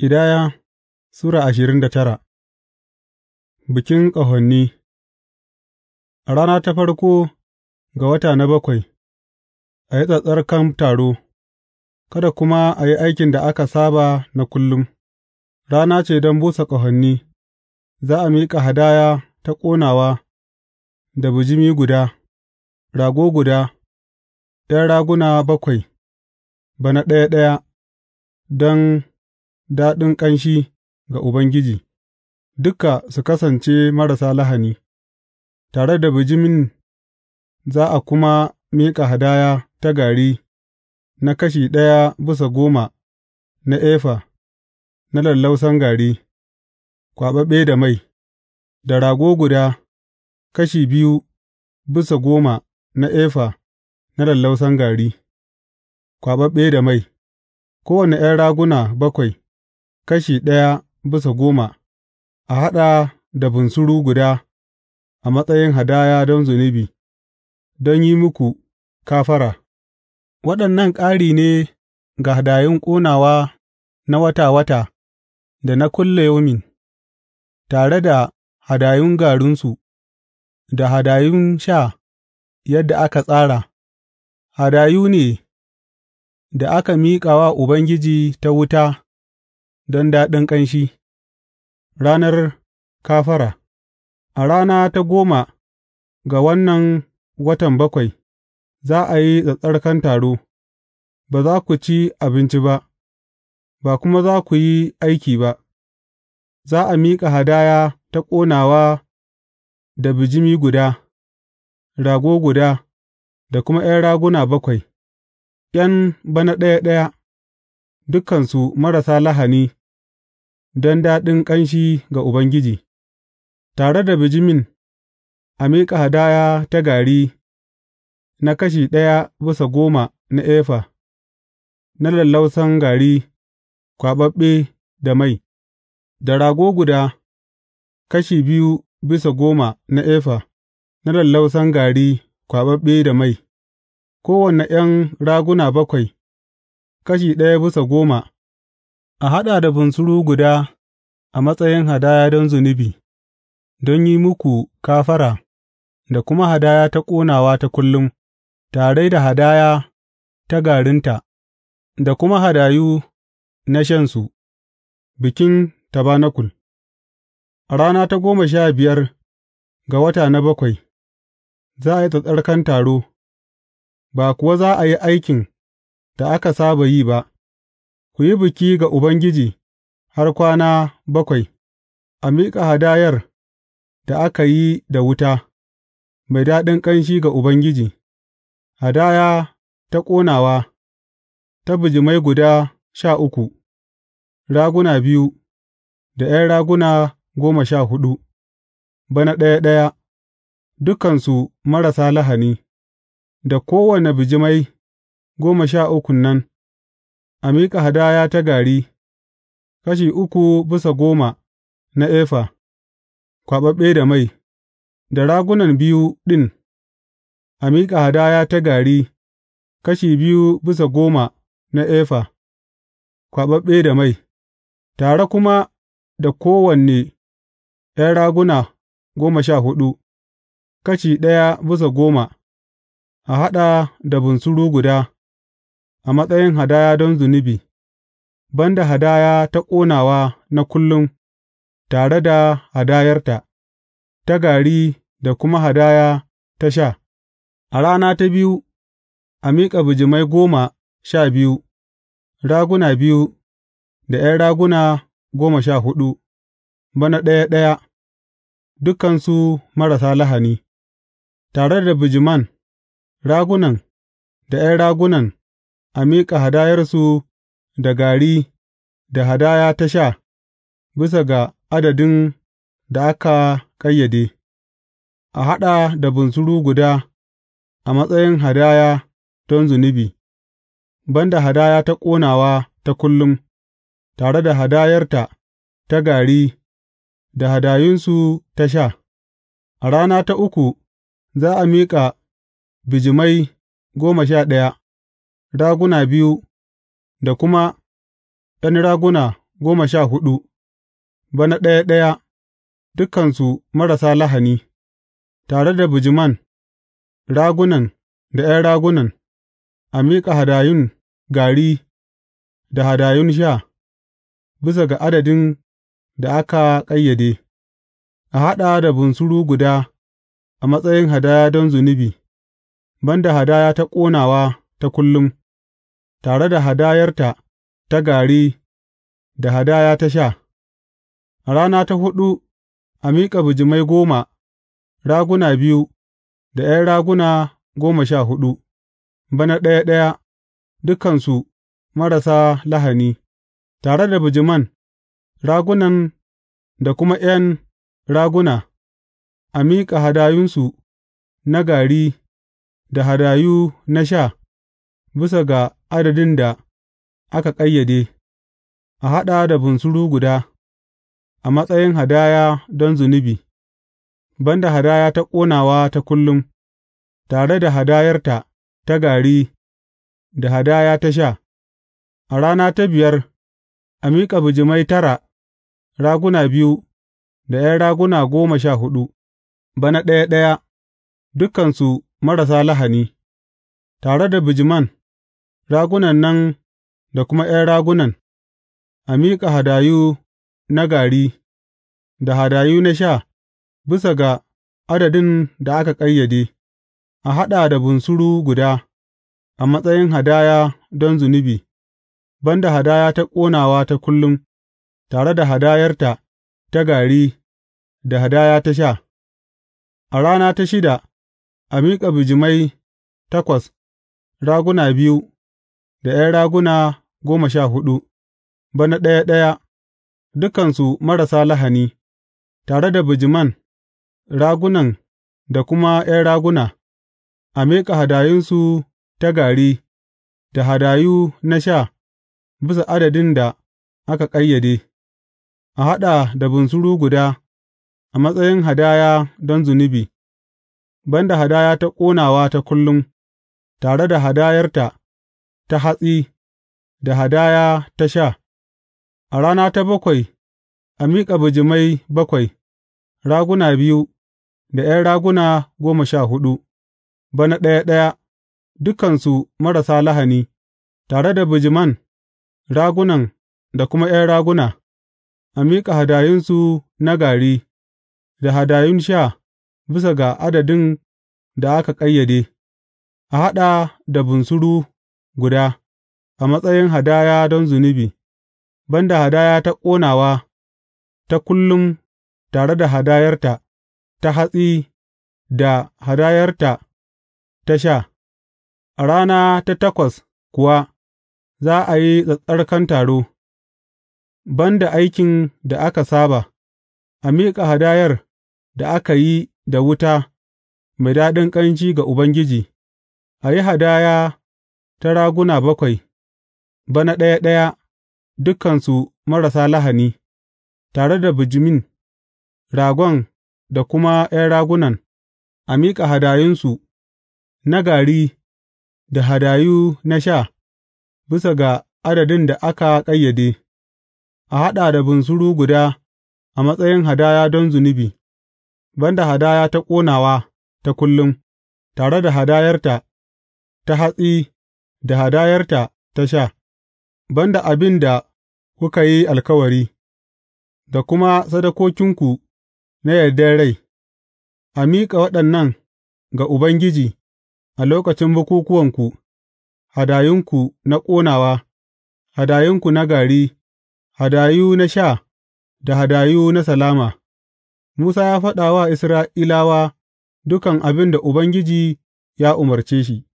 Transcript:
Ƙidaya Sura ashirin da tara Bikin ƙahonni. A rana ta farko ga wata na bakwai, a yi tsattsarkan taro, kada kuma a yi aikin da aka saba na kullum, rana ce don busa ƙahonni. za a miƙa hadaya ta ƙonawa da bijimi guda, rago guda, ’yan raguna bakwai, bana ɗaya ɗaya, don daɗin ƙanshi ga Ubangiji, duka su kasance marasa lahani, tare da bijimin za a kuma miƙa hadaya ta gari na kashi ɗaya bisa goma na efa na lallausan gari, kwaɓaɓɓe da mai, da rago guda kashi biyu bisa goma na efa na lallausan gari, kwaɓaɓɓe da mai, kowane ’yan raguna bakwai. kashi ɗaya bisa goma, a haɗa da bunsuru guda a matsayin hadaya don zunubi, don yi muku kafara, waɗannan ƙari ne ga hadayun ƙonawa na wata wata da na kulle yomin, tare da hadayun garinsu, da hadayun sha yadda aka tsara, hadayu ne da aka miƙa wa Ubangiji ta wuta don daɗin ƙanshi Ranar Kafara A rana ta goma ga wannan watan bakwai, za a yi tsattsarkan taro, ba za ku ci abinci ba, ba kuma za ku yi aiki ba, za a miƙa hadaya ta ƙonawa da bijimi guda, rago guda, da kuma ’yan raguna bakwai, ’yan bana ɗaya ɗaya, dukansu marasa lahani. don daɗin ƙanshi ga Ubangiji; tare da bijimin, a miƙa hadaya ta gari na kashi ɗaya bisa goma na efa, na lallausan gari kwaɓaɓɓe da mai, da rago guda, kashi biyu bisa goma na efa, na lallausan gari kwaɓaɓɓe da mai, kowane ’yan raguna bakwai, kashi ɗaya bisa goma. a haɗa da bunsuru guda a matsayin hadaya don zunubi, don yi muku kafara da kuma hadaya ta ƙonawa ta kullum, tare da hadaya ta garinta, da kuma hadayu na shansu, bikin tabanakul. A rana ta goma sha biyar ga wata na bakwai, za a yi tsattsarkan taro, ba kuwa za a yi aikin da aka saba yi ba. Ku yi biki ga Ubangiji har kwana bakwai, a miƙa hadayar da aka yi da wuta, mai daɗin ƙanshi ga Ubangiji, hadaya ta ƙonawa, ta bijimai guda sha uku, raguna biyu, da ’yan raguna goma sha huɗu, bana ɗaya ɗaya, dukansu marasa lahani, da kowane bijimai goma sha ukun nan. A miƙa hadaya ta gari, kashi uku bisa goma na efa, kwaɓaɓɓe da mai; da ragunan biyu ɗin, a miƙa hadaya ta gari, kashi biyu bisa goma na efa, kwaɓaɓɓe da mai; tare kuma da kowanne ’yan raguna goma sha huɗu, kashi ɗaya bisa goma, a haɗa da bunsuru guda. a matsayin hadaya don zunubi, ban da hadaya ta ƙonawa na kullum tare da hadayarta, ta gari da kuma hadaya ta sha, a rana ta biyu a miƙa bijimai goma sha biyu, raguna biyu da ’yan raguna goma sha huɗu, bana ɗaya ɗaya, dukansu marasa lahani, tare da bijiman, ragunan da ’yan ragunan. a miƙa hadayarsu da gari da hadaya ta sha bisa ga adadin da aka ƙayyade, a haɗa da bunsuru guda a matsayin hadaya don zunubi, ban da hadaya ta ƙonawa ta kullum, tare da hadayarta ta gari da hadayunsu ta sha, a rana ta uku za a miƙa bijimai goma sha ɗaya. raguna biyu da kuma ’yan raguna goma sha huɗu, bana ɗaya ɗaya, dukansu marasa lahani, tare da bijiman, ragunan da ’yan ragunan, a miƙa hadayun gari da hadayun sha, bisa ga adadin da aka ƙayyade, a haɗa da bunsuru guda a matsayin hadaya don zunubi, ban da hadaya ta ƙonawa ta kullum. tare da hadayarta ta gari da hadaya ta sha, a rana ta huɗu a miƙa bijimai goma, raguna biyu, da ’yan raguna goma sha huɗu, bana ɗaya ɗaya, dukansu marasa lahani, tare da bijiman, ragunan da kuma ’yan raguna, a miƙa hadayunsu na gari da hadayu na sha. bisa ga adadin da aka ƙayyade, a haɗa da bunsuru guda a matsayin hadaya don zunubi, ban da hadaya ta ƙonawa ta kullum, tare da hadayarta ta gari da hadaya ta sha, a rana ta biyar a miƙa bijimai tara, raguna biyu da ’yan raguna goma sha huɗu, bana ɗaya ɗaya, dukansu marasa lahani, tare da bijiman. ragunan nan da kuma ’yan ragunan, a miƙa hadayu na gari, da hadayu na sha bisa ga adadin da aka ƙayyade, a haɗa da bunsuru guda a matsayin hadaya don zunubi, ban da hadaya ta ƙonawa ta kullum, tare da hadayarta ta gari da hadaya ta sha. A rana ta shida, a miƙa bijimai takwas, raguna biyu, da ’yan raguna goma sha huɗu, bana ɗaya ɗaya, dukansu marasa lahani, tare da bijiman, ragunan da kuma ’yan raguna, a miƙa hadayunsu ta gari da hadayu na sha bisa adadin da aka ƙayyade, a haɗa da bunsuru guda a matsayin hadaya don zunubi, ban da hadaya ta ƙonawa ta kullum, tare da hadayarta. ta hatsi da hadaya ta sha, a rana ta bakwai a miƙa bijimai bakwai, raguna biyu, da ’yan raguna goma sha huɗu, bana ɗaya ɗaya, dukansu marasa lahani, tare da bijiman, ragunan da kuma ’yan raguna, a miƙa hadayunsu na gari, da hadayun sha bisa ga adadin da aka ƙayyade, a haɗa da bunsuru guda a matsayin hadaya don zunubi, ban da hadaya ta ƙonawa ta kullum tare da hadayarta ta hatsi da hadayarta ta sha, a rana ta takwas kuwa za a yi tsattsarkan taro, ban da aikin da aka saba, a miƙa hadayar da aka yi da wuta mai daɗin ƙanshi ga Ubangiji, a yi hadaya ta raguna bakwai, bana ɗaya ɗaya, dukansu marasa lahani, tare da bijimin, ragon da kuma ’yan ragunan, a miƙa hadayunsu na gari da hadayu na sha bisa ga adadin da aka ƙayyade, a haɗa da bunsuru guda a matsayin hadaya don zunubi, banda hadaya ta ƙonawa ta kullum, tare da hadayarta ta hatsi da hadayarta ta sha, ban da abin da kuka yi alkawari, da kuma sadakokinku na yardar rai, a miƙa waɗannan ga Ubangiji a lokacin bukukuwanku, hadayunku na ƙonawa, hadayunku na gari, hadayu na sha da hadayu na salama. Musa ya faɗa wa Isra'ilawa dukan abin da Ubangiji ya umarce shi.